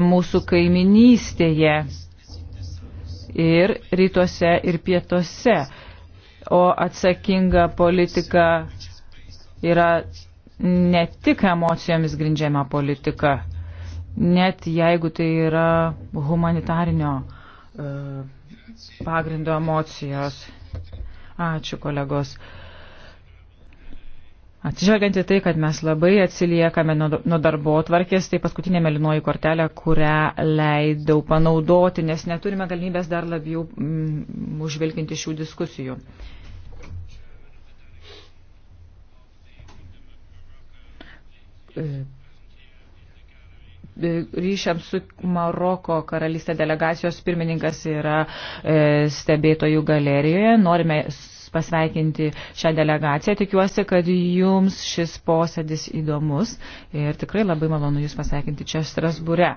mūsų kaiminystėje ir rytuose ir pietuose. O atsakinga politika yra ne tik emocijomis grindžiama politika, net jeigu tai yra humanitarinio e, pagrindo emocijos. Ačiū kolegos. Atsižvelgiant į tai, kad mes labai atsiliekame nuo darbo tvarkės, tai paskutinė melinoji kortelė, kurią leidau panaudoti, nes neturime galimybės dar labiau mm, užvilkinti šių diskusijų. E, e, ryšiam su Maroko karalystė delegacijos pirmininkas yra e, stebėtojų galerijoje. Norime pasveikinti šią delegaciją. Tikiuosi, kad jums šis posėdis įdomus ir tikrai labai malonu jūs pasveikinti čia Strasbūre.